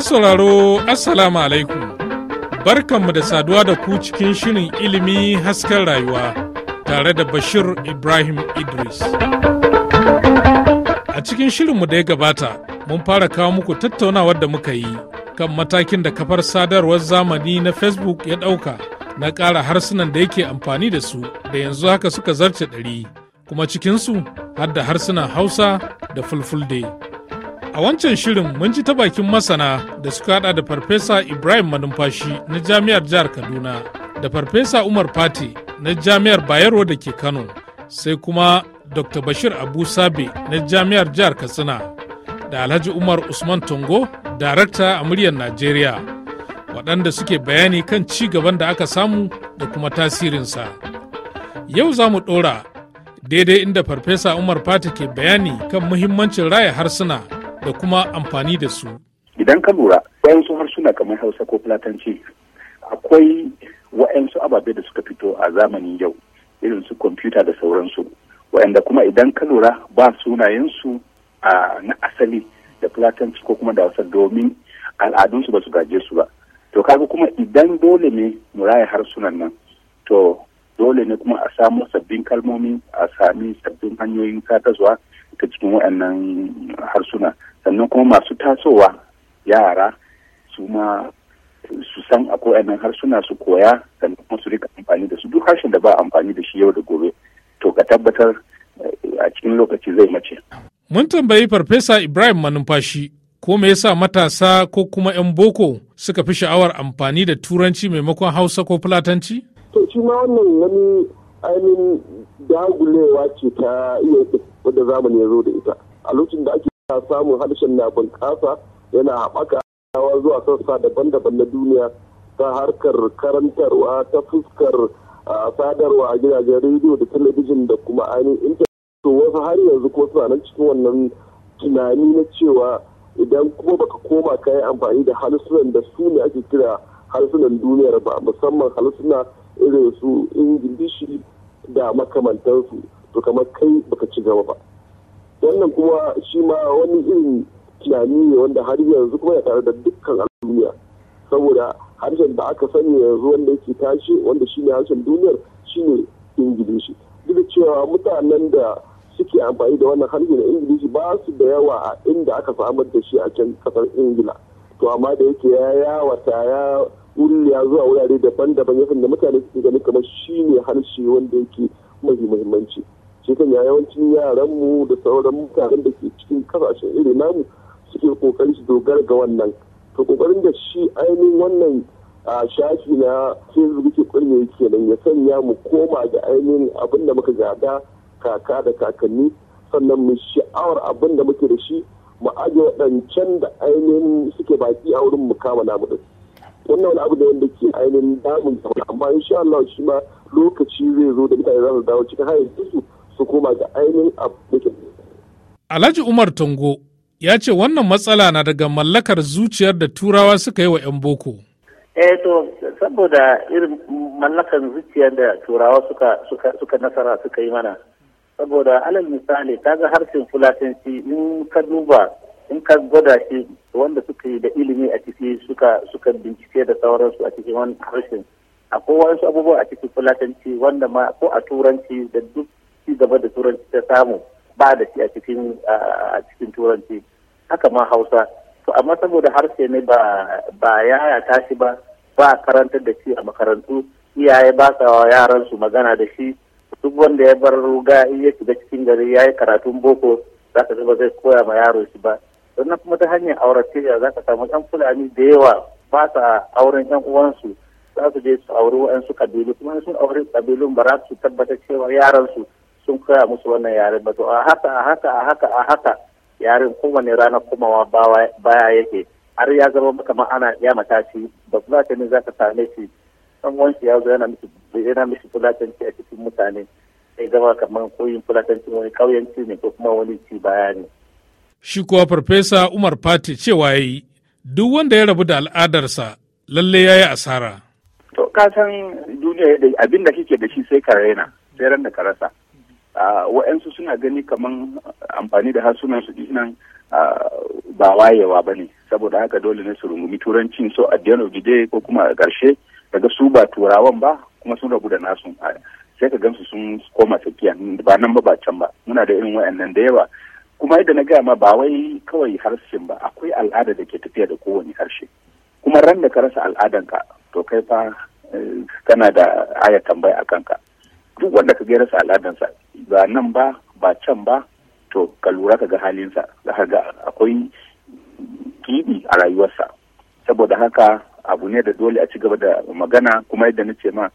sauraro Assalamu alaikum, barkanmu da saduwa da ku cikin shirin ilimi hasken rayuwa tare da Bashir Ibrahim Idris. A cikin shirinmu da ya gabata, mun fara kawo muku tattaunawar da muka yi kan matakin da kafar sadarwar zamani na Facebook ya ɗauka na ƙara harsunan da yake amfani da su da yanzu haka suka zarce ɗari. kuma cikinsu har da harsunan Hausa da Fulfulde. A wancan shirin mun ji ta bakin masana da suka hada da Farfesa Ibrahim Manumfashi na Jami'ar Jihar Kaduna da Farfesa Umar Fati na Jami'ar Bayero da ke Kano sai kuma Dr. Bashir Abu Sabe na Jami'ar Jihar Katsina da Alhaji Umar Usman Tongo, Darakta a muryar Najeriya, waɗanda suke bayani kan ci gaban da aka samu da kuma tasirinsa. Yau za mu ɗora daidai inda farfesa umar fata ke bayani kan muhimmancin raya harsuna da kuma amfani da su idan ka lura wayansu harsuna kamar hausa ko fulatanci akwai wayansu ababe da suka fito a zamanin yau irin su kwamfuta da sauransu wayanda kuma idan ka lura ba sunayensu na asali da fulatanci ko kuma da hausa domin al'adunsu ba su gaje su ba to kaga kuma idan dole ne mu raya harsunan nan to dole ne kuma a samo sabbin kalmomi a sami sabbin hanyoyin sadarwa ta cikin waɗannan harsuna sannan kuma masu tasowa yara su ma su san akwai waɗannan harsuna su koya sannan kuma su rika amfani da su duk harshen da ba amfani da shi yau da gobe to ka tabbatar eh, a cikin lokaci zai mace. Mun tambayi Farfesa Ibrahim Manumfashi ko me yasa matasa ko kuma 'yan boko suka fi sha'awar amfani da turanci maimakon hausa ko fulatanci? shi ma wannan wani ainihin dagulewa ce ta iya wadda zamani ya zo da ita a lokacin da ake samun harshen na bunƙasa yana haɓaka zuwa sassa daban-daban na duniya ta harkar karantarwa ta fuskar sadarwa a gidajen rediyo da talabijin da kuma ainihin intanet wasu har yanzu ko suna nan cikin wannan tunani na cewa idan kuma baka koma ka yi amfani da harsunan da su ne ake kira harsunan duniyar ba musamman harsuna irin su ingilishi da makamantansu to kamar kai baka ci gaba ba wannan kuma shi ma wani irin tunani ne wanda har yanzu kuma ya tare da dukkan duniya saboda harshen da aka sani yanzu wanda yake tashi wanda shine harshen duniyar shine ingilishi duk cewa mutanen da suke amfani da wannan harshe na ingilishi ba su da yawa a inda aka samar da shi a can kasar ingila to amma da yake ya yawata ya ya zuwa wurare daban-daban yakan da mutane suke gani kamar shi ne harshe wanda yake mafi muhimmanci shi kan ya yawancin yaranmu da sauran mutanen da ke cikin kasashen irin namu suke kokarin su dogara ga wannan to kokarin da shi ainihin wannan a shafi na facebook ke kurme kenan ya sanya mu koma da ainihin abin da muka gada kaka da kakanni sannan mu sha'awar abin da muke da shi mu aje waɗancan da ainihin suke baki a wurin mu kama namu su wannan wani abu da wanda ke ainihin damun gaba amma insha Allah shi ma lokaci zai zo da mutane za su dawo cikin hayar su su koma ga ainihin abu Alhaji Umar Tango ya ce wannan matsala na daga mallakar zuciyar da turawa suka yi wa 'yan boko. eh to saboda irin mallakar zuciyar da turawa suka suka suka nasara suka yi mana saboda alal misali kaga harshen fulatanci in ka duba in ka gwada shi wanda suka yi da ilimi a ciki suka bincike da sauransu a cikin wani harshen akwai wasu abubuwa a cikin fulatanci wanda ma ko a turanci da duk ci gaba da turanci ta samu ba da shi a cikin a cikin turanci haka ma hausa to amma saboda harshe ne ba ba yaya tashi ba ba karantar da shi a makarantu iyaye ba sa yaran su magana da shi duk wanda ya bar ruga in ya shiga cikin gari ya yi karatun boko za ka ba zai koya ma yaro shi ba sannan kuma ta hanyar auratayya za ka samu yan fulani da yawa ba sa auren yan uwansu za su je su auri wa'yansu kabilu kuma sun auri kabilun ba za su tabbatar cewa yaransu sun koya musu wannan yaren ba to a haka a haka a haka a haka yaren kowane ranar komawa baya yake har ya zama kamar ana ya shi ba za ta ne za ka same shi dan wansu ya zo yana mishi yana mishi fulatanci a cikin mutane sai zama kamar koyin fulatanci wani kauyanci ne ko kuma wani ci baya ne Shi kuwa Farfesa Umar Fati cewa ya yi, duk wanda ya rabu da al'adarsa lalle ya yi asara. To, kasan duniya da abin da kike da shi sai ka raina, sai ran da ka rasa. Wa'yansu suna gani kamar amfani da harsunan su nan ba wayewa ba ne, saboda haka dole ne su rungumi turancin so a the end ko kuma a karshe daga su ba turawan ba kuma sun rabu da nasu. sai ka gansu sun koma tsakiya ba nan ba ba can ba muna da irin wa'annan da yawa kuma yadda na gaya ma ba wai kawai harshen ba akwai al'ada da ke tafiya da kowane harshe kuma ran da ka rasa al'adanka to kai fa eh, kana da aya tambaya a kanka duk wanda ka gaya rasa al'adansa ba nan ba ba can ba to ka lura ka ga halinsa ka ga akwai kiɗi a rayuwarsa saboda haka abu ne da dole a ci gaba da magana kuma yadda na ce ma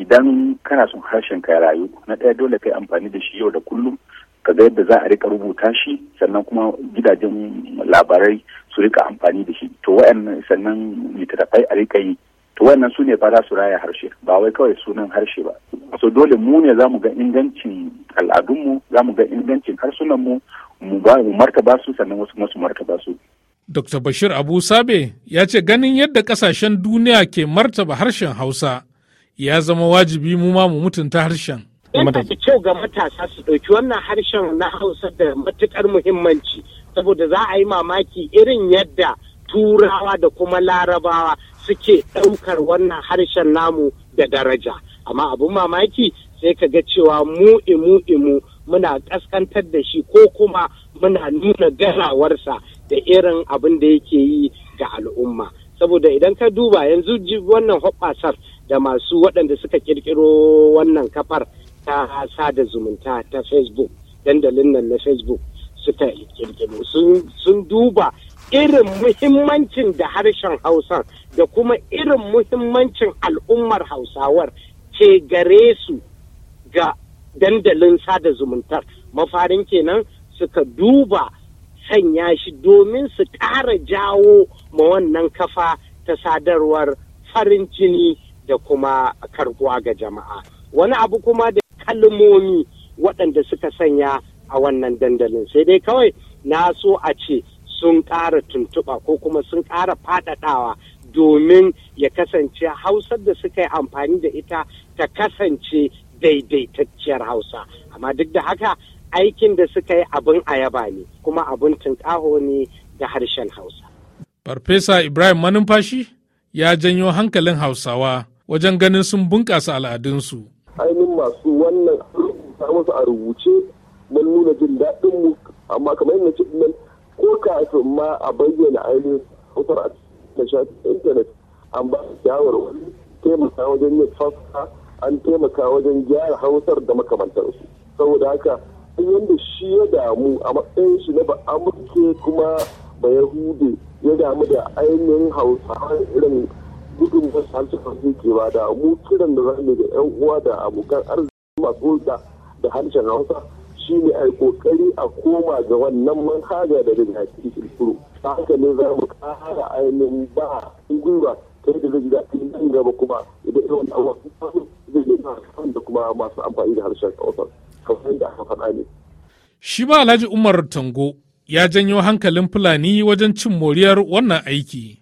idan kana son harshen ka ya rayu na ɗaya dole kai amfani da shi yau da kullum kaga yadda za a rika rubuta shi sannan kuma gidajen labarai su rika amfani da shi to wayannan sannan litattafai a rika yi to wayannan su ne ba za su raya harshe ba wai kawai sunan harshe ba so dole mu ne za mu ga ingancin al'adunmu za mu ga ingancin harsunanmu mu mu martaba su sannan wasu kuma su martaba su Dr. Bashir Abu Sabe ya ce ganin yadda kasashen duniya ke martaba harshen Hausa ya zama wajibi mu ma mu mutunta harshen. yana da kyau ga matasa su ɗauki wannan harshen na hausa da matuƙar muhimmanci saboda za a yi mamaki irin yadda turawa da kuma larabawa suke ɗaukar wannan harshen namu da daraja amma abin mamaki sai ka ga cewa mu imu imu muna ƙaskantar da shi ko kuma muna nuna garawarsa da irin abin da yake yi ga al'umma saboda idan ka duba yanzu wannan hoɓɓasar da masu waɗanda suka ƙirƙiro wannan kafar ta sada zumunta ta facebook dandalin nan na facebook suka kirkiro sun duba irin muhimmancin da harshen hausa da kuma irin muhimmancin al'ummar hausawar ce gare su ga dandalin sada zumuntar mafarin kenan suka duba sanya shi domin su ƙara jawo ma wannan kafa ta sadarwar farin jini da kuma karkuwa ga jama'a wani abu kuma da kalmomi waɗanda suka sanya a wannan dandalin sai dai kawai na so a ce sun ƙara tuntuɓa ko kuma sun ƙara faɗaɗawa domin ya kasance hausar da suka yi amfani da ita ta kasance daidaitacciyar hausa amma duk da haka aikin da suka yi abin ayaba ne kuma abin tunƙaho ne da harshen hausa farfesa ibrahim manumfashi ya janyo hankalin hausawa wajen ganin sun bunƙasa al'adunsu masu wannan rubuta musu a rubuce mun nuna jin daɗin mu amma kamar yadda ce nan ko kafin ma a bayyana ainihin hausar a cikin shafin intanet an ba su wani taimaka wajen yin fasfa an taimaka wajen gyara hausar da makamantarsu saboda haka yadda shi ya damu a matsayin shi na ba'amurke kuma ba yahude ya damu da ainihin hausawa irin su wasu harsukan suke ba da mu kiran da zamu da yan uwa da abokan arziki masu hulɗa da harshen hausa shi ne a kokari a koma ga wannan manhaja da daga cikin kirkiro ta haka ne za mu kara ainihin ba gwiwa ta yadda zai daɗi nan gaba kuma idan yawan abuwa zai yi da kuma masu amfani da harshen hausa kamar da aka faɗa ne. Shi ba Alhaji Umar Tango ya janyo hankalin Fulani wajen cin moriyar wannan aiki.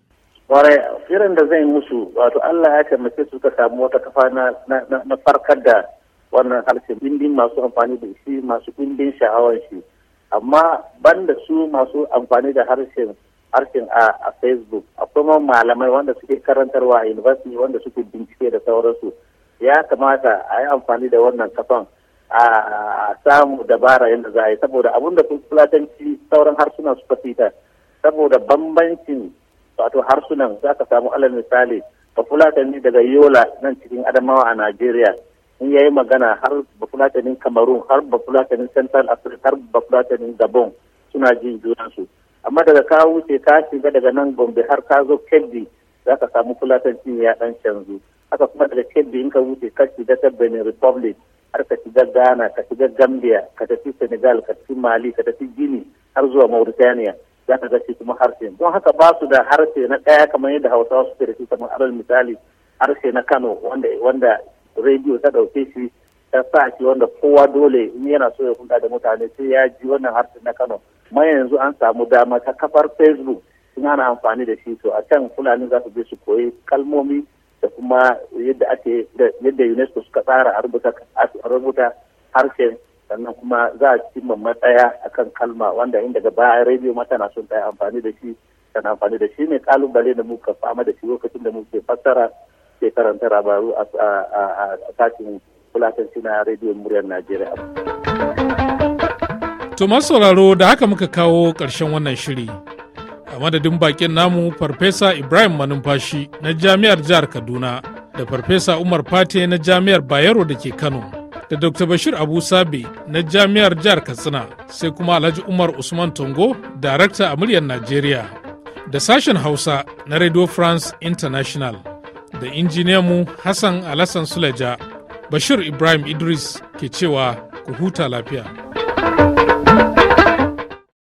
Kwarai kiran da zai musu wato Allah ya taimake su ka samu wata kafa na farkar da wannan harshen bindin masu amfani da shi masu bindin sha'awar shi amma banda su masu amfani da harshen harshen a facebook akwai malamai wanda suke karantarwa a university wanda suke bincike da sauransu ya kamata a yi amfani da wannan kafan a samu dabara yadda za a yi saboda abinda da fulatanci sauran harsuna suka fita saboda bambancin wato harsunan za ka samu alal misali bafulatani daga yola nan cikin adamawa a najeriya in ya yi magana har bafulatanin cameroon har bafulatanin central africa har bafulatanin gabon suna jin junansu amma daga ka wuce ka shiga daga nan gombe har ka zo kebbi za ka samu fulatanci ya dan canzu haka kuma daga kebbi in ka wuce ka shiga ta benin republic har ka shiga ghana ka shiga gambia ka tafi senegal ka tafi mali ka tafi gini har zuwa mauritania za ka ga kuma harshe don haka ba su da harshe na ɗaya kamar yadda hausawa suke da shi kamar alal misali harshe na kano wanda wanda rediyo ta ɗauke shi ta sa shi wanda kowa dole in yana so ya kunta da mutane sai ya ji wannan harshe na kano ma yanzu an samu dama ta kafar facebook sun ana amfani da shi to a can fulani za su je su koyi kalmomi da kuma yadda ake yadda unesco suka tsara a rubuta harshen sannan kuma za a cimma matsaya kan kalma wanda in daga baya rediyo ma tana son tsaya amfani da shi tana amfani da shi ne kalubale da muka fama da shi lokacin da muke fassara ke karanta labaru a sashen fulatanci na rediyon muryar najeriya to masu sauraro da haka muka kawo ƙarshen wannan shiri a madadin bakin namu farfesa ibrahim manumfashi na jami'ar jihar kaduna da farfesa umar fate na jami'ar bayero da ke kano da Dr. Bashir Abu Sabe na Jami'ar Jihar Katsina sai kuma Alhaji Umar Usman Tongo, Darakta a muryar Najeriya. Da sashen Hausa na Radio France International da injiniyanmu Hassan Alassan Suleja, Bashir Ibrahim Idris ke cewa ku huta lafiya.